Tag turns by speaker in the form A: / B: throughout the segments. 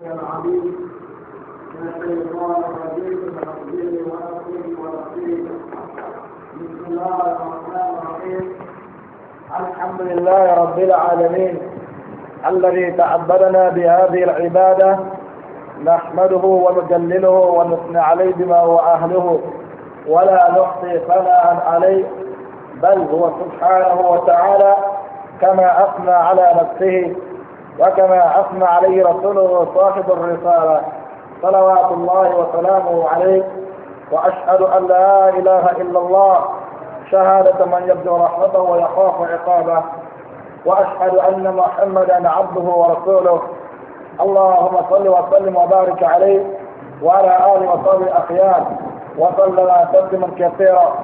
A: الحمد لله رب العالمين الذي تعبدنا بهذه العبادة نحمده ونجلله ونثني عليه بما هو أهله ولا نحصي ثناء عليه بل هو سبحانه وتعالى كما أثنى على نفسه وكما أثنى عليه رسوله صاحب الرسالة صلوات الله وسلامه عليه وأشهد أن لا إله إلا الله شهادة من يبدو رحمته ويخاف عقابه وأشهد أن محمدا عبده ورسوله اللهم صل وسلم وبارك عليه وعلى آله وصحبه أخيار وسلم تسليما كثيرا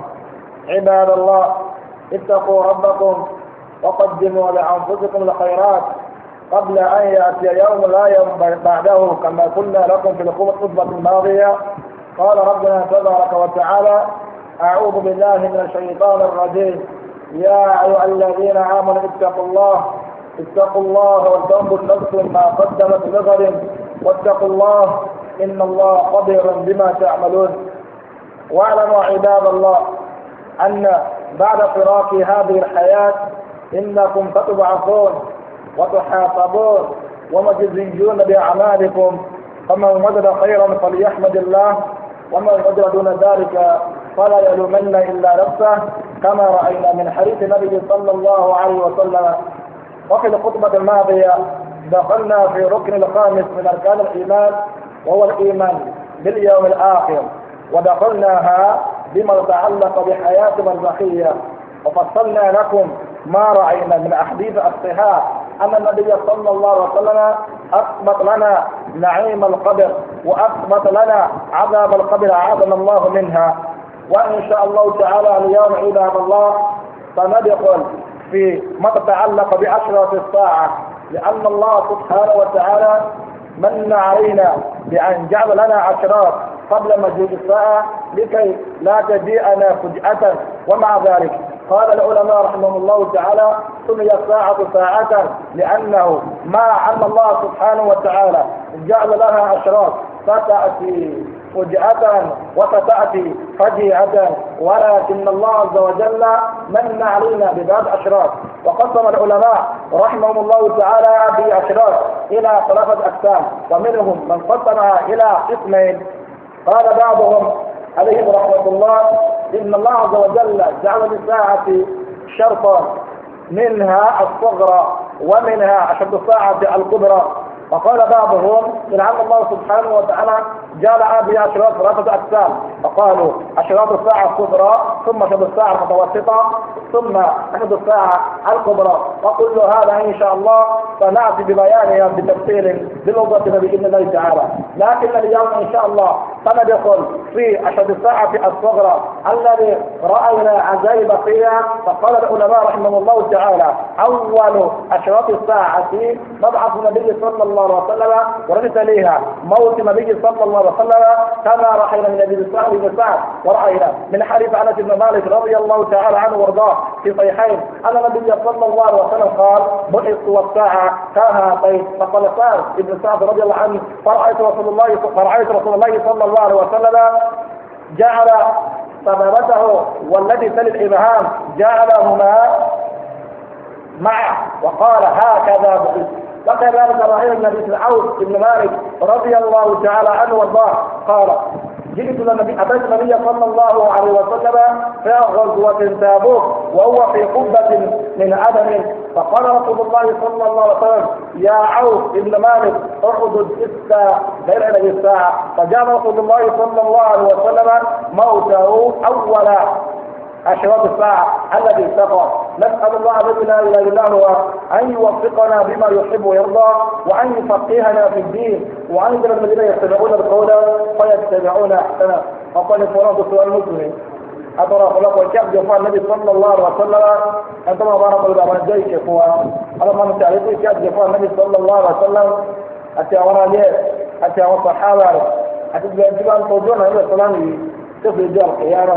A: عباد الله اتقوا ربكم وقدموا لأنفسكم الخيرات قبل أن يأتي يوم لا يوم بعده كما قلنا لكم في الخطبة الماضية قال ربنا تبارك وتعالى أعوذ بالله من الشيطان الرجيم يا أيها الذين آمنوا اتقوا الله اتقوا الله ولتنظر نفس ما قدمت لغد واتقوا الله إن الله قدير بما تعملون واعلموا عباد الله أن بعد فراق هذه الحياة إنكم ستبعثون وتحاسبون ومجزيون بأعمالكم فمن وجد خيرا فليحمد الله ومن وجد دون ذلك فلا يلومن إلا نفسه كما رأينا من حديث النبي صلى الله عليه وسلم وفي الخطبة الماضية دخلنا في ركن الخامس من أركان الإيمان وهو الإيمان باليوم الآخر ودخلناها بما تعلق بحياة البقية وفصلنا لكم ما رأينا من أحاديث الصحاح أن النبي صلى الله عليه وسلم أثبت لنا نعيم القبر وأثبت لنا عذاب القبر أعاذنا الله منها وإن شاء الله تعالى اليوم عباد الله سندخل في ما تتعلق بأشرة الساعة لأن الله سبحانه وتعالى من علينا بأن جعل لنا أشراف قبل مجيء الساعة لكي لا تجيئنا فجأة ومع ذلك قال العلماء رحمهم الله تعالى سمي الساعة ساعة لأنه ما علم الله سبحانه وتعالى جعل لها أشراف فتأتي فجأة وستأتي فجيعة ولكن الله عز وجل من علينا بباب أشراف وقسم العلماء رحمهم الله تعالى بأشراف إلى ثلاثة أقسام ومنهم من قسمها إلى قسمين قال بعضهم عليهم رحمة الله إن الله عز وجل جعل للساعة شرطا منها الصغرى ومنها أشد الساعة الكبرى وقال بعضهم عم الله سبحانه وتعالى جعل هذه أشراط ثلاثة أقسام فقالوا أشراط الساعة الكبرى ثم أشراط الساعة المتوسطة ثم أشراط الساعة الكبرى وكل هذا إن شاء الله سنأتي ببيانها بتفصيل بنظرتنا بإذن الله تعالى لكن اليوم إن شاء الله سندخل في أشراط الساعة الصغرى الذي رأينا عجائب فيها فقال العلماء رحمه الله تعالى أول أشراط الساعة مبعث النبي صلى الله الله عليه وسلم ورمت إليها موت النبي صلى الله عليه وسلم كما رحل من أبي سعد بن سعد ورأينا من حديث عن بن مالك رضي الله تعالى عنه وارضاه في صحيحين أن النبي صلى الله عليه وسلم قال بعثت والساعة طيب فقال سعد بن سعد رضي الله عنه فرأيت رسول الله فرأيت رسول الله صلى الله عليه وسلم جعل ثمرته والذي تلي الإبهام جعلهما معه وقال هكذا بعثت وكذلك رأينا مثل عوف بن مالك رضي الله تعالى عنه وارضاه قال جئت لنبي أتيت النبي صلى الله عليه وسلم في غزوة تابوك وهو في قبة من عدن فقال رسول الله صلى الله عليه وسلم يا عوف بن مالك اعبد الساعة غير الساعة فجاء رسول الله صلى الله عليه وسلم موته أول أشراط الساعة الذي سقط نسأل الله الذي لا إله إلا هو أن يوفقنا بما يحب ويرضى وأن يفقهنا في الدين وأن يجعل الذين يتبعون القول فيتبعون أحسنه أقول فرنسا سؤال مسلم أترى خلق الكعب جفاء النبي صلى الله عليه وسلم أنتما بارك الله من جيش إخوة أنا ما نتعرفه الكعب جفاء النبي صلى الله عليه وسلم أتى وراء ليه أتى صحابة أتى بأنتباه الطوجون عليه السلام تفل الجار القيامة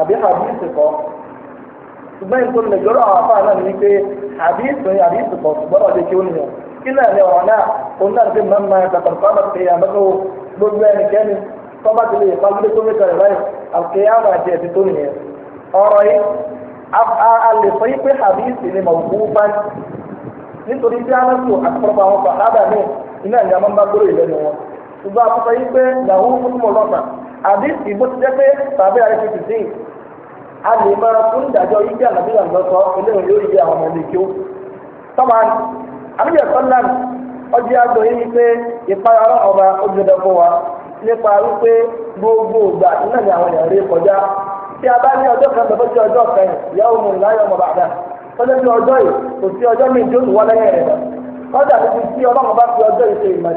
A: àbí àdìsí kọ́ ṣùgbọ́n ìtò lè jọ́rọ̀ àwọn afáà náà ní pé àdìsí ní àdìsí kọ́ ṣùgbọ́n ọ̀dẹ kí ó nìyẹn kí náà ní ọ̀rọ̀ náà òun náà ti máa ń máa tàbí fáwọn ti àmọ́tò gbogbo ẹnikẹ́ni tọ́ba ti lè fagilé tó mẹ́ta rẹ̀ báyìí àkéyàwó àti ẹ̀sìn tó nìyẹn ọ̀rọ̀ yìí a lè sọ yìí pé àdìsí ni màwùkú bá nítorí bí aláṣọ àti pọ̀lọpọ̀ àwọn fàhábà ṣùgbọ́n àkókò yìí pé ìyàwó fúnmọ̀ lọ́nà àbí ìbò ti jẹ́ pé tàbí àyẹ̀fẹ́ ti dín a lè máa fún ìdájọ́ yìí bí àlàbí àlọ́ sọ eléyìí yóò yẹ àwọn ọmọ ilé kí ó. tọ́ba ọjọ́ àgbọ̀ yìí pé ọba ojúdọ̀ fún wa nípa wípé gbogbo ìgbà iná ni àwọn èèyàn rí kọjá tí a bá ní ọjọ́ kan sí ọjọ́ ìyàwó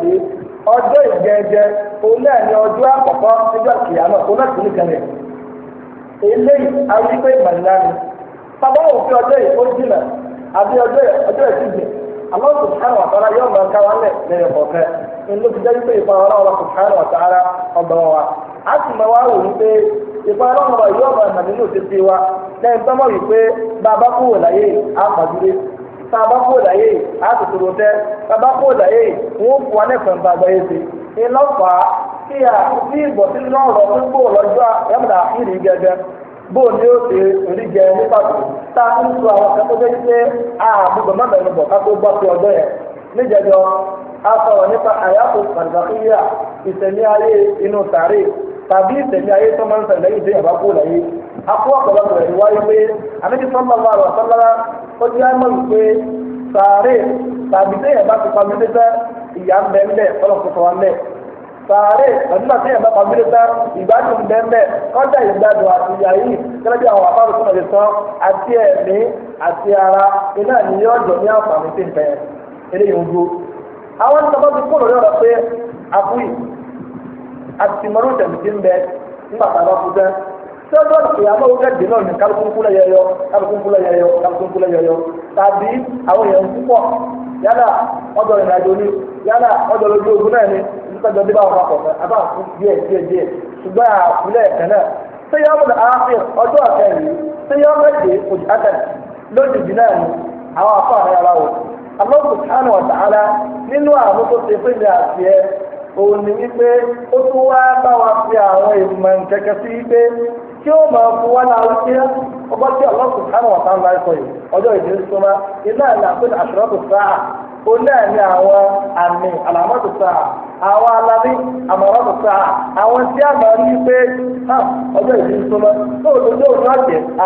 A: mi ọjọ́ ìjẹjẹ òun náà ní ọjọ́ àkọ́kọ́ níjọ́ kìyàmọ́ òun náà sì ní kẹlẹ̀ eléyìí awípé òfin ọjọ́ yìí ó jìnà àbí ọjọ́ ọjọ́ ìtìjì àmọ́ subhanahu wa ta'ala yóò máa ká jẹ́ a sì tá a bá kó láyé yìí á sì a bá kó láyé yìí wọ́n fún wa lẹ́kọ̀ọ́ sí i kí a bí ìbọ̀sí lọ́rọ̀ tó gbòòrò lọ́jọ́ ẹ̀mọ̀dà ìrì gẹ́gẹ́ ó rí jẹ ní pàtó a ń sọ àwọn ṣe àbúgbò má bẹ̀rù bọ̀ ká tó sí ọjọ́ a sọ̀rọ̀ nípa ìsẹ̀mí ayé akó ọ̀pọ̀lọpọ̀ ẹ̀rí wáyé pé àmì sọ́nà lọ sọ́nà ó jẹ́ àmọ́ ìpè sàárè tàbí téèyàn bá ti pàmì tẹ́tẹ́ ìyá ń bẹ ń bẹ ọlọ́ sàárè àdúrà tí ẹ̀bá pàmílẹ́tà ìgbádùn bẹ́ẹ̀ kọ́jà ìgbádùn àti ìyá yìí gẹ́gẹ́ bí àwọn afárò sọ̀rọ̀ lè sọ àti ẹ̀mí àti ara iná ni yóò jọ ní àǹfààní tí ń bẹ eléyìí ń gbó. àwọn sábà ti kúrò lọ́rọ̀ pé àfúyì àti mọ́rú tẹ̀mí ti ń bẹ nígbà tá a bá kú bẹ́ẹ̀ tọ́jọ́ ìyàmọ́ owó kẹ́dì náà ní kálukúnkúlẹ̀ yẹyọ kálukúnkúlẹ̀ yẹyọ kálukúnkúlẹ̀ yẹyọ tàbí àwọn èèyàn púpọ̀ yálà ọjọ́ ìrìnàjò ni yálà ọjọ́ lójú ogun náà ni nítọ́jọ́ dé bá papọ̀ mọ́ abá fún díẹ̀ díẹ̀ díẹ̀ ṣùgbọ́n àkúlẹ̀ ẹ̀kẹ́ náà ṣé yọ ọmọdé àáfíà ọjọ́ àkẹ́rì ṣé wípé ó tún wá bá wa fi àwọn ìmọ̀ nkẹ́kẹ́ sí tí ó máa fún wa náà wípé ọgbọ́n tí Allah subhanahu wa ta'ala ń sọ yìí ọjọ́ ìdí ń súnmọ́ iná a máa rí pé ọjọ́ ìdí ń súnmọ́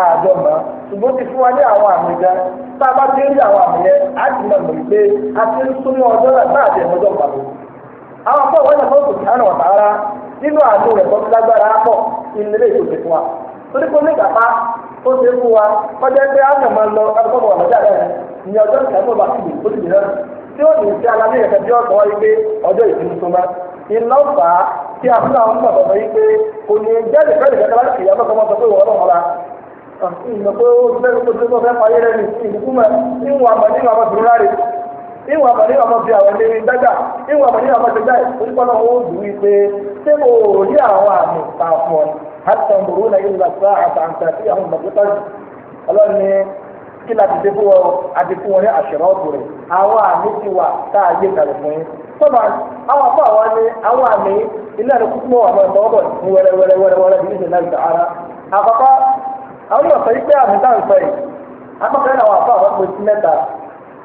A: àjọ mọ́ ṣùgbọ́n ti fún wa ní àwọn àmì gan tá a bá ti rí àwọn àmì yẹn á ti mọ̀ mọ̀ pé a ti ń súnmọ́ ọjọ́ náà nínú àánú rẹ̀ tọ́jú lágbára pọ̀ ìlérí ìtòsí fún wa torí pé ní ìgbàpá ó ṣe fún wa kọjá pé á nàmọ lọ kápẹ́kọ̀ wà lọ́jà rẹ̀ ní ọjọ́ ìṣàkóso bá ti lè tó ti lè rẹ̀ tí ó lè ṣe alámì ẹ̀kẹ́ bí ọ̀sán wáyé pé ọjọ́ ìsinmi tó bá iná fà á tí a fún àwọn ọmọ ọ̀sán yìí pé kò ní jáde fẹ́ẹ́ lè fẹ́ẹ́ láti kìyà fọ́sọ́ mọ́sọ́ pé wọ́n lọ́wọ́ la ah, ìmọ̀ pé ó fẹ́ẹ́ tó tó fẹ́ẹ́ fayé rẹ̀ ní ìdúkú mọ́ níwọ̀n àmọ́ nínú àwọn ọmọ ìwọ̀n àmàlí ọmọ bíi àwọn ẹni dájà ọmọ tẹ̀gbá ìpínpọ́nà owó dùn í ṣé mo rí àwọn àmì pàfọ́ àti ọ̀nbùrú sí àwọn ìgbàgbọ́tà jù kí láti dé wọn ní àṣẹrọ àwọn àmì ti wà tá a yé fún yín sọ́mà àwọn afọ àwọn ni àwọn àmì ilé ẹ̀rọ kúkú wọn àwọn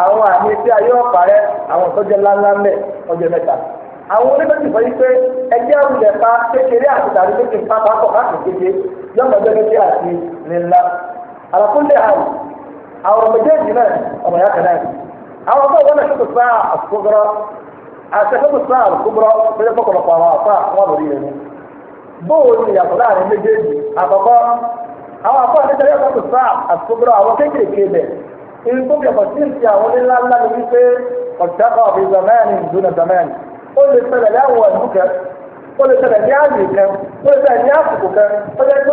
A: àwọn àmì tí a yóò parẹ́ àwọn tó jẹ́ ńláńlá ń bẹ ọjọ́ àwọn oníbẹ̀sì fọ́ pé ẹgbẹ́ àwùjẹ pa kékeré àti tàbí kékeré pa pápọ̀ káàkiri kékeré yọ̀mọ̀ ọjọ́ kékeré àti nílá àlàkúndé àrùn àwọn ọmọ náà ọmọ yàtọ̀ náà àwọn ọmọ ìwọ́n náà ṣètò sáà àwọn àwọn irun tó kẹ̀kọ́ sí ìsì àwọn onílá la ni wípé ọ̀dàkọ̀ ọ̀bí zamani ìdúnà zamani ó lè ṣẹlẹ̀ ní àwọn ìlú kẹ ó lè ṣẹlẹ̀ ní àyè kẹ ó lè ṣẹlẹ̀ ní àsìkò kẹ ó lè tó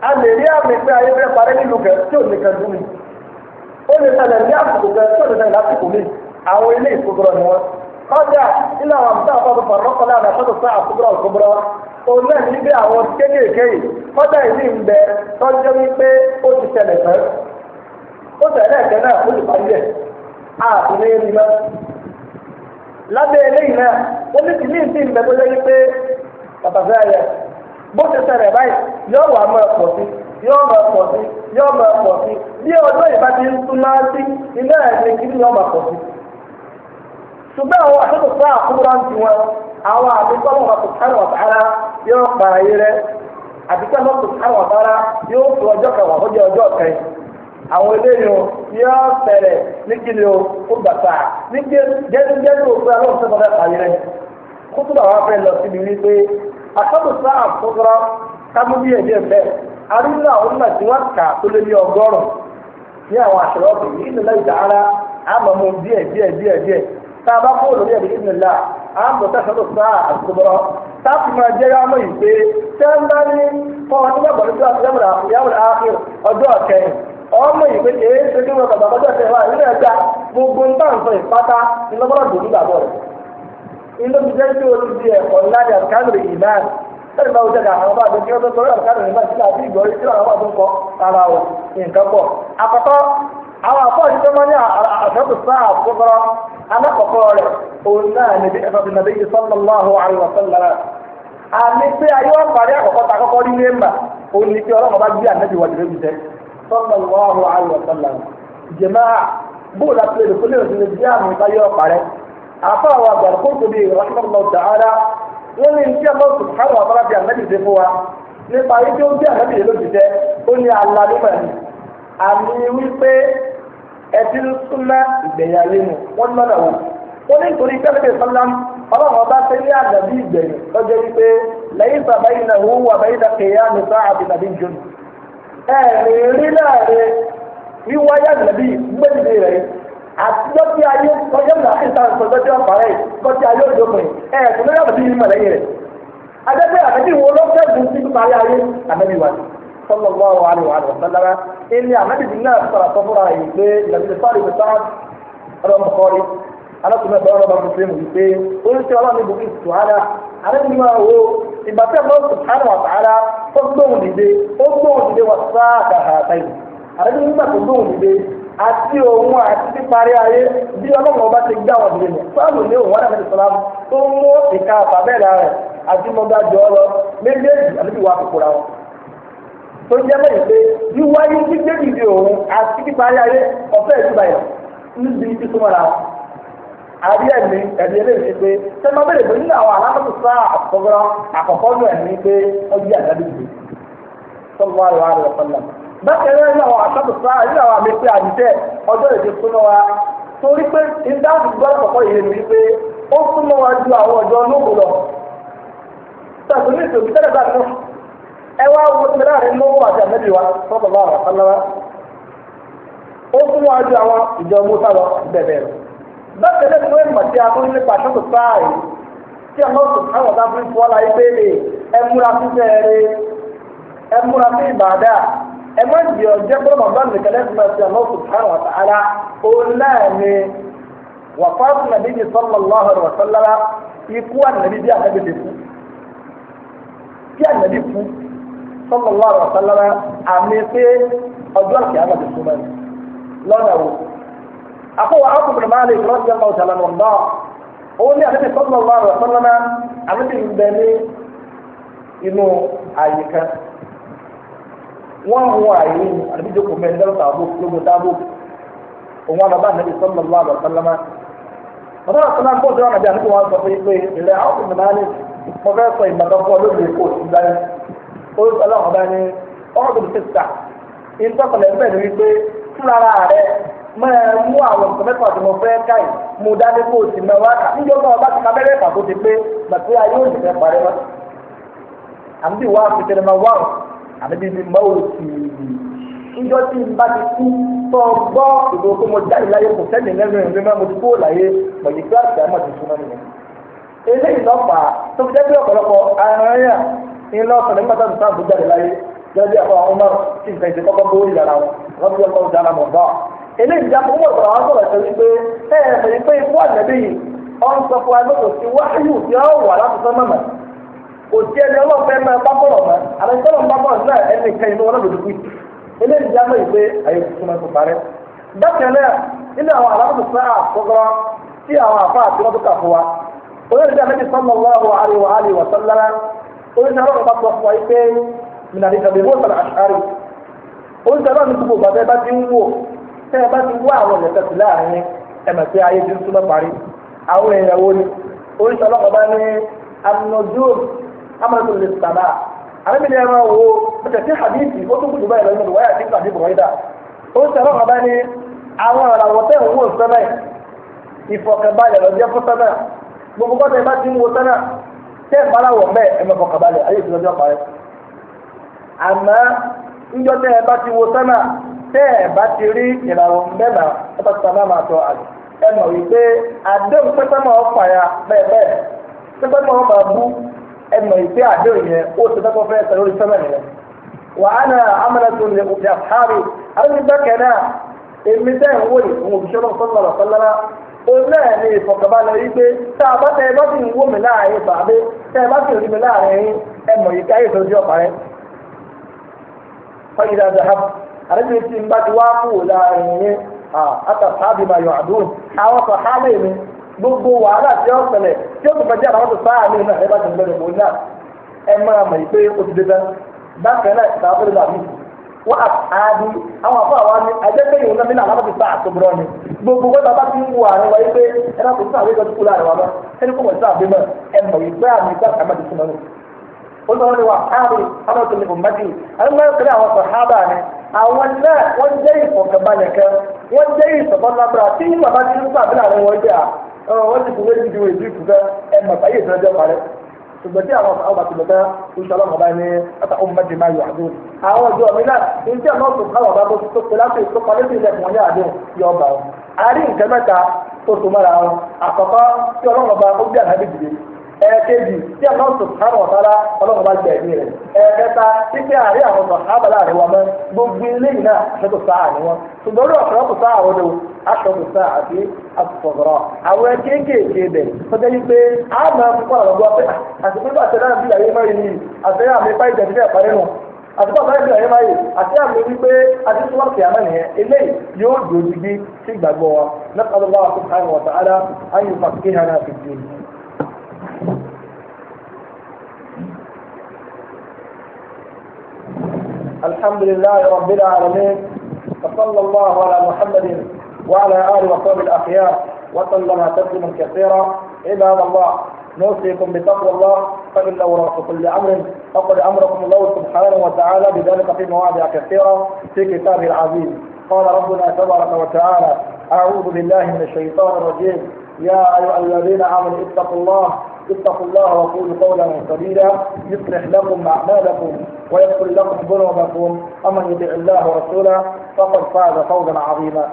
A: a lè rí àmì pé mi ó lè ṣẹlẹ̀ ní àsìkò kẹ tí ò lè ṣẹlẹ̀ ni wọn ó tẹ̀lé ẹ̀kẹ́ náà ó lè parí rẹ̀ ààbò ní erin náà lábẹ́ eléyìí náà ó ní tìlí ìdí ìgbẹ́ tó lẹ́yìn pé bàbá fẹ́ yẹ bó ti ṣẹlẹ̀ báyìí yóò wà máa pọ̀ sí yóò máa pọ̀ sí yóò máa pọ̀ sí bí ọjọ́ ìbá ti ń tún máa sí ilé ẹ̀mí kí ni yóò pọ̀ sí. ṣùgbọ́n àwọn àtúntò fún àkúrò ń tiwọn àwọn àbíkọ́ lọ́wọ́ subhanahu wa yóò pa ayé àbíkọ́ àwọn eléyìí o yóò bẹ̀rẹ̀ nígbìlì o kó bàtà a jẹ́jẹ́jẹ́ tó fún alóhùn bàtà yìí kó tó bàbá fẹ́ lọ síbi wípé àtọ́bùsá àfọ́sọ́rọ́ kámúbí ẹ̀jẹ̀ bẹ́ẹ̀ arúgbó àwọn náà tí wọ́n kà tó lé ní ọgọ́rùn ní àwọn àṣọrọ̀ ọ̀gbìn yìí nílẹ̀ ìdá ara àmọ̀mọ́ díẹ̀ díẹ̀ díẹ̀ tá a bá kó lórí tó sá yá ìgbé nígbà ọjọ́ ọ̀kẹ́yìn ọmọ ìgbé e ṣe kí wọn bàbá bàbá ṣe wá ilé ẹja gbogbo ń ìpátá ìlọ́gbọ́n rẹ̀ inú jẹ́ kí o ti di ẹ̀kọ́ láti ìmáà bá o jẹ́ bá tó ìmáà sílẹ̀ àti ìgbọ̀rí sílẹ̀ àwọn àti ńkọ ara o nǹkan pọ̀ àkọ́kọ́ àwọn máa ní sáà alákọ̀ọ́kọ́ rẹ̀ òun náà ní bí sallallahu alaihi wa sallam jàmáà bó la pèlè kó lè rìn bí àmì báyọ̀ parẹ́ àfa àwọn àgbàdo kó tóbi rahmanahu ta'ala wọn ní ibi àwọn subhanahu wa ta'ala bí ànábì ṣe fún wa nípa ibi ó bí ànábì yẹn ló ti jẹ ó ní alalúmọ̀ ni àmì wípé ẹtí ń súnmọ́ ìgbẹ̀yàlé mu wọ́n lọ́nà wò wọ́n ní nítorí tẹ́lifíṣẹ́ sọ́lám ọlọ́run ọba ṣe ní ànábì ìgbẹ̀yìn lọ́jọ́ wípé lẹ́yìn bàbá yìí náà wọ́n wà báyìí náà kéèyàn ní sáà àti nàbí jùlọ ẹ̀rìn rí láàrin wíwáyà nàbí méjìlè rẹ̀ àtijọ́ tí ayé ọjọ́ náà ti sàn sọ́jọ́ tí wọ́n parẹ́ ìgbọ́ tí ayé òjò pè é ẹ̀sùn lórí àbẹ̀bí yìí mọ̀lẹ́ yẹn. adẹ́gbẹ́ àbẹ̀bí wo ló fẹ́ dùn sí parí ayé àbẹ̀bí wa sọ́lọ́ wà wà ní wàhálà sọ́lára ilé alákùnrin ọ̀dọ́ ọlọ́ba mùsùlùmí wípé oríṣi ọlọ́run ibùdó ìtùhárà àrẹ́bìnrin máa wo ìgbà tẹ́ lọ sùhárà wàtàrà ó gbóhùn dìde ó gbóhùn dìde wà sáà kàhàtà yìí àrẹ́bìnrin nígbà tó gbóhùn dìde àti òun àti píparí ayé bí ọlọ́run ọba ti gbá wọn dìde nù sáàlù ní òun wàdà mẹ́tẹ̀ẹ̀sọ́ láàmú tó mú ìka àbábẹ́ẹ̀rẹ̀ rẹ̀ àti mọ́gájọ́ lọ méjèèjì àbíbí wà kókó ra wọn tó jẹ́ bẹ́ẹ̀ pé wíwáyé gbígbé dìde òun àti píparí ayé ọ̀fẹ́ ìtura yẹn níbi ìtumọ̀ ra wọn. àbí eme ẹ̀mí ẹ̀mí ẹ̀mí pé ṣé máa bẹ̀rẹ̀ pé nínú àwọn alámọ̀tò sá àkọ́kọ́rọ́ àkọ́kọ́ nù pé ó yí gbé sọ́kọ́ àrùn àrùn ọ̀sánlá. bákan nínú àwọn nínú àwọn èdè wa torí pé ìdáàbò gbọ́dọ̀ kọ̀kọ́ yìí ni pé ó súnmọ́ wa ju àwọn ọjọ́ lóko lọ. sàtúnú ìsòkè tẹ́lẹ̀ bá tún ẹ wá wo tẹ́lẹ̀ rẹ̀ lówó àti àmẹ́bí wa sọ́kọ̀ bá ó bákan náà ló ń mọ̀ sí abúlé nípa ṣọ́tò táàyè tí àwọn oṣù táwọn ọ̀gá fún ìfọ́ la ẹgbẹ́ rè ẹ múra sí sẹ́ẹ̀rẹ́ ẹ múra sí ìbàdà ẹ má jì ọ jẹ́ pé ọmọ báńkì kẹlẹ́ fún àwọn táwọn ara náà wà ní ikú bí lè fún kí fún àkọ́wọ́ àwọn ọkùnrin máa lè rọ́ọ̀tì ọmọ ọ̀tàlá nù ọ̀dọ́ òun ní àtẹ́tẹ́ sọ́nà ọ̀rọ̀ ọ̀rọ̀ sọ́nà náà àtẹ́tẹ́ ń bẹ ní inú àyíká wọ́n ń wọ àyè ní àdébíjọ́ kò mẹ́rin dẹ́rù tààbò lógo dáàbò òun wọn bá nàbí sọ́nà ọ̀rọ̀ sọ́nà náà ọ̀dọ́ àtọ́nà gbọ́dọ̀ ọ̀nà bí àdébíjọ́ wọn sọ pé ilẹ̀ àwọn ọkùnrin máa lè mo máa mú àwọn nǹkan mẹ́fà tó mọ fẹ́ káyìn mo dání kó o sì máa wá kà níjọ́ náà bá ti ka bẹ́rẹ̀ ìfà tó ti pé bàtí ayé òsì fẹ́ parẹ́ mọ́. àmì wá fi tẹ̀lé máa wá àmì bíbí máa ò sì níjọ́ tí n bá ti kú tó gbọ́ ìbò pé mo jáde láyé kò sẹ́ni lẹ́nu ìwé mọ́ mo ti kó láyé pẹ̀lú kíláàsì àmọ́ ti súnmọ́ nìyẹn. eléyìí lọ́pàá tó fi jẹ́ pé ọ̀pọ̀lọpọ̀ arìnrìn-àyà ń lọ eléyìí dá fún ọ̀sán àwọn sọ̀rọ̀ ìtọ́jú pé ẹ ẹ mọ̀ ní pé ikú ànábì yìí ọ̀n sọ fún agbẹ́ kò sí wáyù tí ó wà láti sọ́nà mọ̀ kò sí ẹni ọlọ́fẹ́ máa bá bọ̀rọ̀ mọ́ náà ẹni kan dùkú eléyìí ya ìgbé ayé tuntun bákan náà nínú àwọn tí àwọn tó kà fún wa tẹ́ ẹ bá ti wá àwọn ẹ̀lẹ́tẹ̀ sí láàrin yẹn ẹ mọ̀ pé ayé ti ń súnmọ́ ni oríṣi ọlọ́kọ̀ bá ní amúnodúró amúnodú lè ni máa wo ọ̀tẹ̀ sí hadithi ó tún kùtù báyìí wáyà tí oríṣi ọlọ́kọ̀ bá ní àwọn tẹ̀ ń wò ìfọ̀kànbalẹ̀ fún gbogbo tẹ́ ẹ̀ bá ti rí ìràwọ̀ mẹ́ta ẹ̀fọ́ sọ́nà máa tọ́ àlè ẹ mọ̀ wípé àdéhùn pẹ́pẹ́ máa fà ya bẹ́ẹ̀ bẹ́ẹ̀ pẹ́pẹ́ máa máa bú ẹ mọ̀ wípé àdéhùn yẹn ó ti fẹ́ lè èmi tẹ́ ń wòye òbíṣẹ́ sọ́nà ní ìfọ̀kànbalẹ̀ tá a bá tẹ ẹ bá sì ń wó mi láàrin bàbá tẹ a tí ń bá ti wá kú láàrin yín àtàtàbí máa yọ àdúró àwọn kan gbogbo wàhálà tí o ṣẹlẹ̀ tí o tó je àwọn tó sáà mi na ẹ bá ti gbẹdọ̀ mọ́ na ẹ máa mọ̀ pé ó ti dé tán mi ni mi ni gbogbo ọ wa àwọn náà wọn jẹ́ ìfọ̀kànbalẹ̀ kan wọ́n tí bàbá ti ń wọn jẹ́ à wọ́n ti ẹ màtá yìí ṣùgbọ́n tí àwọn àwọn àti oṣù alámọ̀bá ni ọmọ máa yọ àwọn ọjọ́ mi náà ní tí àwọn ọ̀sùn káwọn tó láti tó ilẹ̀ yọ ọba a rí nǹkan mẹ́ta tó so mọ́ra wọn àkọ́kọ́ tí ẹ̀ẹ́kejì tí a sọ̀tàrọ̀ ọ̀tara ọlọ́run bá gbẹ̀ ẹ̀mí rẹ̀ ẹ̀ẹ́kẹta títí àárẹ̀ àwọn sọ̀tàrọ̀ láàrin wa mọ́ gbogbo eléyìí náà aṣọ tó sáà ni wọn ṣùgbọ́n lórí ọ̀sán tó sáà wọn o aṣọ tó sáà àti asọ̀rọ̀ àwọn kéékèèké bẹ̀ tọ́jú yìí pé a máa fún kọ́ àwọn gbọ́ pé àsìkò nígbà tẹ̀lé àti àmì wípé àmọ́ nìyẹn eléyìí yóò dòjú الحمد لله رب العالمين وصلى الله على محمد وعلى آله وصحبه الأخيار وسلم تسليما كثيرا عباد الله نوصيكم بتقوى الله فإن رأس كل أمر فقد أمركم الله سبحانه وتعالى بذلك في مواضع كثيرة في كتابه العزيز قال ربنا تبارك وتعالى أعوذ بالله من الشيطان الرجيم يا أيها الذين آمنوا اتقوا الله اتقوا الله وقولوا قولا سديدا يصلح لكم أعمالكم ويغفر لكم ذنوبكم ومن يطع الله ورسوله فقد فاز فوزا عظيما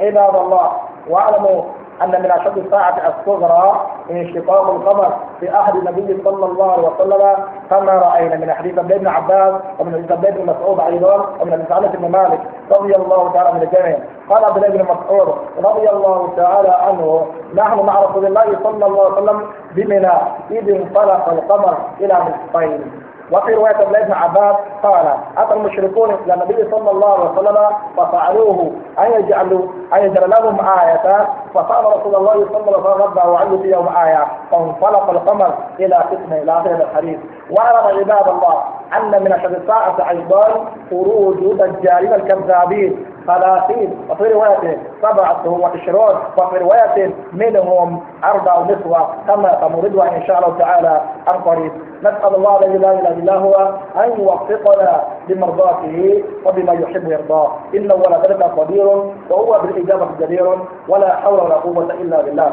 A: عباد الله واعلموا أن من أشد الساعة الصغرى انشقاق القمر في أحد النبي صلى الله عليه وسلم كما رأينا من حديث ابن عباس ومن حديث ابن مسعود أيضا ومن حديث أنس بن مالك رضي الله تعالى عن الجميع قال عبد الله بن مسعود رضي الله تعالى عنه نحن مع رسول الله صلى الله عليه وسلم بمنى إذ انطلق القمر إلى نصفين وفي رواية ابن عباس قال أتى المشركون إلى النبي صلى الله عليه وسلم فسألوه أن يجعلوا أن يجعل لهم آية فقال رسول الله صلى الله عليه وسلم ربه أن يوم آية فانطلق القمر إلى قسم إلى آخر الحديث واعلم عباد الله أن من أشد الساعة أيضا خروج دجالين الكذابين ثلاثين وفي رواية سبعة وعشرون وفي رواية منهم أربع نسوة كما سنردها إن شاء الله تعالى عن قريب نسأل الله لا إله إلا هو أن يوفقنا بمرضاته وبما يحب ويرضاه إن ولا ذلك قدير وهو بالإجابة جدير ولا حول ولا قوة إلا بالله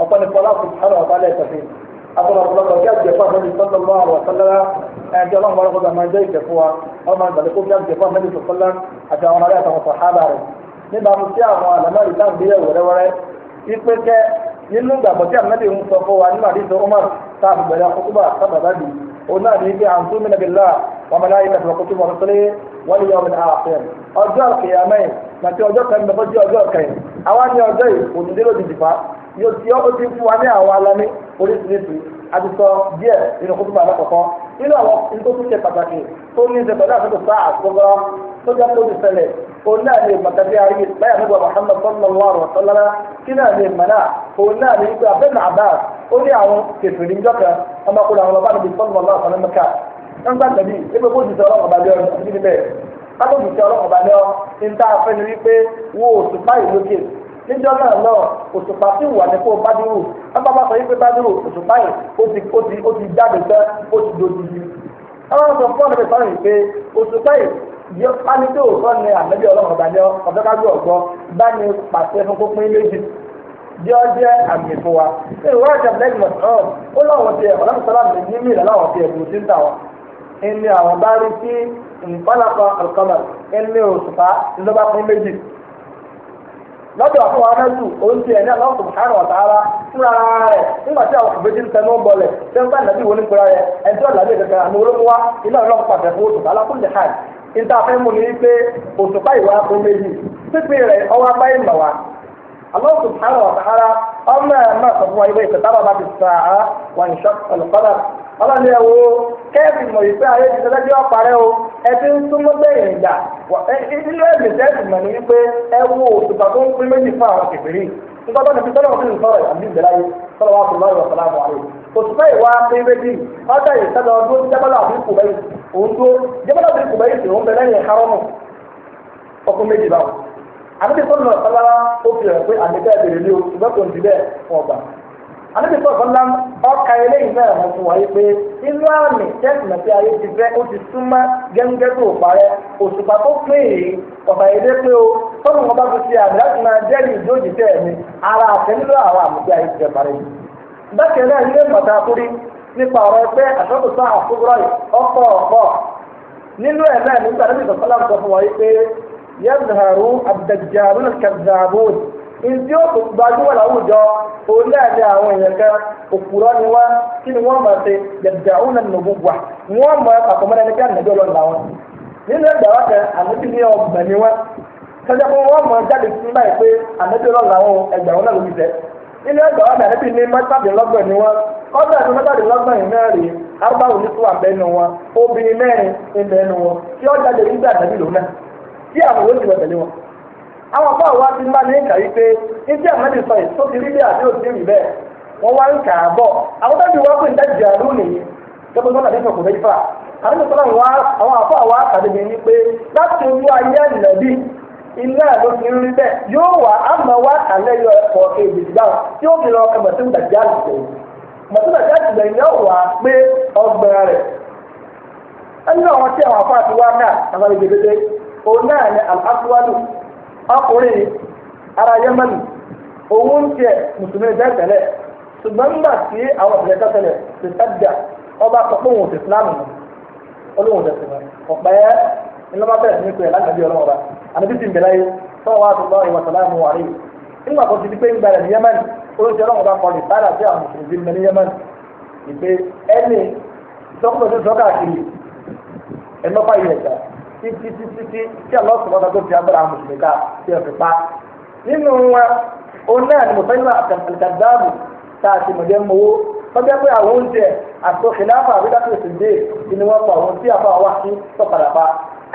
A: وطن الصلاة سبحانه وتعالى يتفين àtọ̀rọ̀ ọ̀pọ̀lọpọ̀ kí àjẹfọ́ àmẹ́lì sọ́dọ̀ lọ́wọ́ àwọn sọ́dọ̀lá ẹ̀jẹ̀ ọlọ́run wọn kọ́ta máa jẹ́ ìjẹ̀fọ́ wa wọ́n máa gbàdé kó kí àjẹfọ́ àmẹ́lì sọ́dọ̀lá àti àwọn ará àtàwọn sọ̀hábà rẹ̀ níbàámu sí àwọn àlámọ́ ìta ìbílẹ̀ wẹ́rẹ́wẹ́rẹ́ ipe kẹ́ nínú ìgbàgbọ́ tí àmẹ́lì ń sọ fún wa nínú àdìsọ Umar tá a bẹ̀rẹ̀ akókóbà sábàbá bì òun náà ní ibi àǹtú mi nàbí là wọn láyé kẹsàn kó tó mọ̀ lọ́sọ́lé wọ́n lè yọ ọmọ náà àfẹ́ ọjọ́ kẹyàmẹ́yìn àti ọjọ́ kẹyìn lọ́fọ́jú ọjọ́ kẹyìn àwa ní ọjọ́ yìí òtúndínlódì dìfà yóò ti ó ti fún wa ní àwọn alamí oríṣiríṣi àti sọ díẹ̀ nínú kótó bàbá kọ̀kọ́ nínú àwọn nítorí ṣe pàtàkì tó ní ṣe pẹ̀lú àfihàn sáà àkókò tó jẹ́ tó ti ṣẹlẹ̀ òun náà ní ìmọ̀tà bí arí báyà nígbà Muhammad sallallahu alaihi wa sallam kí náà ní ìmọ̀ náà òun náà ní ìgbà abẹ́nà àbá ó ní àwọn kẹfìrí njọ́kẹ́ ọmọkùnrin àwọn ọba níbi sallallahu alaihi wa sallam ká nígbà tẹ̀lé ẹgbẹ́ bó ti sọ ọlọ́run ọba lẹ́yìn ọdún níbẹ̀ kábọ̀dù ti ọlọ́run ọba lẹ́yìn ní ta fẹ́ ni wípé wo òṣùpá ìlókè níjọ́ náà náà òṣùpá sí ìwà ní fún bádìrú abábá sọ yí pé bádìrú òṣùpá yìí ó ti ó ti ó ti jáde tán ó ti dojú yìí àwọn sọ fún ọ̀nà ìfọ̀rọ̀ yìí pé òṣùpá yìí yọ pálí tó òótọ́ ni àmẹ́bí ọlọ́run ọ̀dà ni ọ̀dọ́kájú ọ̀gbọ́ bá ní pàṣẹ fún pínpín méjì jẹ́ ọ jẹ́ àmì fún wa ìwé ọ̀jà blake mọ̀tọ́rọ̀ ó láwọn ti ẹ̀kọ́ láti lọ́dọ̀ àwọn aráàlú oúnjẹ ẹ̀ní aláwọ̀ sùnkárùn ọ̀tàrà fúnra rẹ̀ nígbà tí àwọn kùbẹ́jì ń tẹnu ń bọlẹ̀ ṣé ń bá ìlàbí ìwọ ní fúnra rẹ̀ ẹni tí wọ́n làbí ìkẹkẹ àmì olóko wa iná ọlọ́run pàṣẹ fún oṣù alákùnlé hàn níta fẹ́ mú ni pé òṣùpá ìwà tó méjì pípé rẹ̀ ọwọ́ apá ìmọ̀ wa aláwọ̀ sùnkárùn ọ̀tàrà ọmọ ẹ̀ máa sọ fún wa ìwé ìtẹ̀tàbà ọlọ́ni ẹ̀ wo kẹ́ẹ̀bì mọ̀ yìí ayé ti sẹ́lẹ́jọ́ o ẹ ń súnmọ́ bẹ́yìn inú ẹ̀mí sẹ́ẹ̀sì mọ̀ ní wípé wo òṣùpá tó ń pín méjì fún àwọn kèfèrí nígbàtà ní fi tọ́lọ̀ fún ìsọ̀rọ̀ àbí ìgbẹ́lá yìí tọ́lọ̀ wà fúnlọ́rọ̀ ọ̀sán àwọn àrùn òṣùpá ìwà pín méjì ọjà ọdún jẹ́bọ́lá àbí òun tó jẹ́bọ́lá àbí ọkùn méjì báwọn àbí ọ̀sán lára àlejò sọ̀tọ̀ ńlá ọkà eléyìí náà mo fún wa yìí pé inú àmì tẹ́sìmọ̀ tí ayé ti fẹ́ ó ti súnmọ́ gẹ́gẹ́ tó parẹ́ òṣùpá tó pé èyí ọ̀bà èdè pé o tọ́lù wọn bá fi ṣe àmì láti máa jẹ́rìí ìdójì tẹ́ ẹ̀mí ara àfẹ́ nílò àwọn àmì tí ayé ti fẹ́ parẹ́ yìí. bákan náà ilé mọ̀tà torí nípa ọ̀rọ̀ ẹgbẹ́ àtọ́tòsọ àkúrọ̀ ọkọ̀ ọ̀kọ̀ ìdí òkú gbajúmọ̀ láwùjọ òun náà ní àwọn èèyàn kan òpùrọ̀ ni wọ́n kí ni wọ́n máa ṣe wọ́n máa ẹni kí nínú ẹgbẹ́ wa kan àmọ́tí ní ọgbà ni wọ́n pé wọ́n máa jáde sí báyìí pé ẹgbẹ́ wọn náà ló fi tẹ́. nínú ẹgbẹ́ wa kan àmọ́tí wọn obìnrin mẹ́rin wọn tí àwọn ọba ọ̀wá ti máa ní ìkà wípé ibi àmọ́lì sọ yìí tó ti rí bí àti òsì rí bẹ́ẹ̀ wọ́n wá ń kà á bọ̀ àwọn tó ti wá pé ìdá jìyà ló nìyí gbọ́dọ̀ gbọ́dọ̀ àdéhùn kò mẹ́fà àdéhùn sọ́nà wá àwọn àfọ àwa àkàdémi ni pé láti wú ayé ànàbí iná ló ti rí bẹ́ẹ̀ yóò wá àmọ́ wá kàlẹ́ yọ ẹ̀kọ́ èdè ìgbà tí ó fi lọ ọkọ̀ mọ̀tún ọkùnrin ara a òun ń tiẹ̀ mùsùlùmí bẹ́ẹ̀ tẹ́lẹ̀ ṣùgbọ́n nígbà tí àwọn ìṣẹ̀lẹ̀ tó tẹ́lẹ̀ ti sẹ́dá ọba sọ òun ò sì fúlàmù olóhùn tẹ̀sí mọ́ ọ̀pẹ́ ńlọ́mọ ní pé láti ẹbí ọlọ́wọ́ bá àdébí ti ń bẹ̀rẹ̀ yìí wa tó lọ ìwà sàlámù wà rí nígbà tó ti di pé ń gbàlẹ̀ ní yẹmẹni olóṣèlú ọlọ́wọ́ bá àwọn mùsùlùmí ní títí títí tí tí àlọ́ sọ̀rọ̀ tó fi agbára mùsùlùmí ká tí ẹ̀ fi pa. nínú wọn òun náà ni mùsùlùmí àtàkàdáàbò tá a ti mọ̀jẹ́ mọ́wó tọ́jà pé àwọn oúnjẹ àti òkèlàfà àbídàtò ìsìndé ni wọ́n pa àwọn tí àfa wá sí sọ̀padà pa.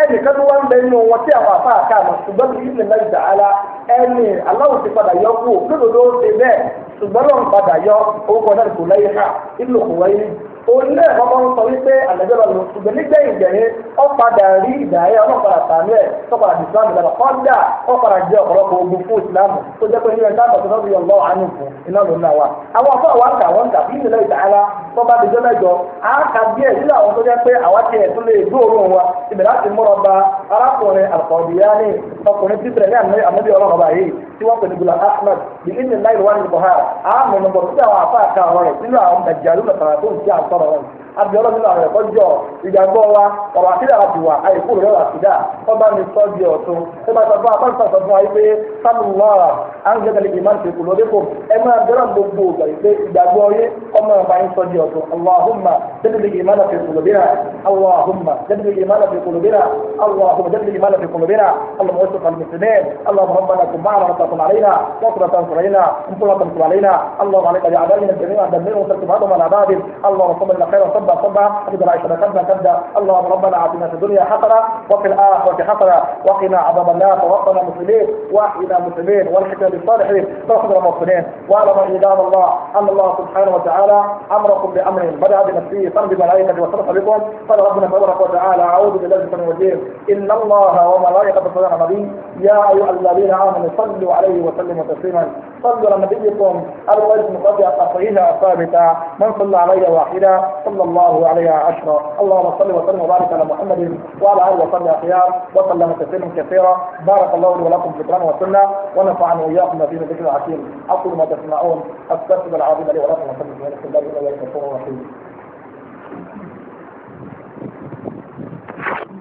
A: ẹnì kan tó wá ń bẹ nínú wọn tí àwọn àfa àká àmọ́ ṣùgbọ́n bí ìlú náà dà á la aláwọ̀ ti padà yọ kú òkèlòdó ṣe bẹ́ẹ̀ ṣùgbọ́n lọ́n padà yọ orúkọ náà kò lẹ́yìn ha ìlú kò wáyé òun náà kọ́kọ́ ń sọ wípé àlẹ́jọ́ lọ lò ṣùgbọ́n nígbẹ̀yìn gbẹ̀yìn ó padà rí ìdáyẹ ọlọ́pàá tàánú ẹ̀ tọ́pàá àti islam ìlànà kọ́dà ó padà jẹ́ ọ̀pọ̀lọpọ̀ ogun fún islam tó jẹ́ pé nílẹ̀ dáàbò tó tọ́jú ọlọ́ àánú fún iná ló ń náà wà. àwọn afọ àwọn àkà wọn kà bíi ìlẹ̀ ìdáhàlá tó bá dejọ́ lẹ́jọ́ á ka díẹ̀ nínú àwọn tó jẹ́ pé àwa tiẹ̀ tó lè gbóòórùn wa ibẹ̀ láti múra ba arákùnrin àkọ́bíyáni ọkùnrin títẹ̀rẹ̀ ní àmì àmọ́bí ọlọ́run ọba yìí tí wọ́n sọ̀rọ̀ wọn àbí ọlọ́dún àwọn ẹ̀kọ́ jọ ìgbàgbọ́ wa ọ̀rọ̀ àkídà àti wà àìkú rẹ̀ wà sídà tó bá mi sọ di ọ̀tún tó bá sọ fún apáǹtà sọ fún wa pé sálùmọ́ àǹgẹ́gẹ́lì ìmáà ti kù lórí kò ẹ máa bẹ̀rẹ̀ gbogbo ìgbà pé ìgbàgbọ́ yé ọmọ ọba yín sọ di ọ̀tún allahumma jẹ́bi ìmáà fi kùlù bíra allahumma jẹ́bi ìmáà fi kùlù bíra allahumma jẹ́bi ìmáà fi kùlù bíra allahumma oṣù kan mùsùlùmí allahumma rabbana kun bá àwọn ọ̀tàkùn àlẹ́yìnà wọ́kùnrin ọ̀tàkùn àlẹ́yìnà nkùnrin ọ̀tàkùn àlẹ́yìnà allahumma alẹ́kàjẹ́ àdáyìn ẹ̀jẹ̀ ní àdàmẹ́rin ọ̀tàkùn اللهم ان خيرا صبا صبا حفظنا عيشنا كبدا كبدا اللهم ربنا اعطنا في الدنيا حسنه وفي الاخره حسنه وقنا عذاب الله توفنا مسلمين واحينا مسلمين والحكمه بالصالحين توفنا المسلمين واعلم عباد الله ان الله سبحانه وتعالى امركم بامر بدا بنفسه ثم بملائكته وصرف بكم قال ربنا تبارك وتعالى اعوذ بالله من الرجيم ان الله وملائكته يصلون على النبي يا ايها الذين امنوا صلوا عليه وسلموا تسليما صلى نبيكم الوزن قد صحيحة ثابتة من صلى علي واحدة صلى الله عليها عشرة اللهم صل وسلم وبارك على محمد وعلى آله وصحبه أخيار وسلم تسليما كثيرا بارك الله لي ولكم في القرآن والسنة ونفعني وإياكم في ذكر الحكيم أقول ما تسمعون أستغفر العظيم لي ولكم وسلم في الله إلى يوم الرحيم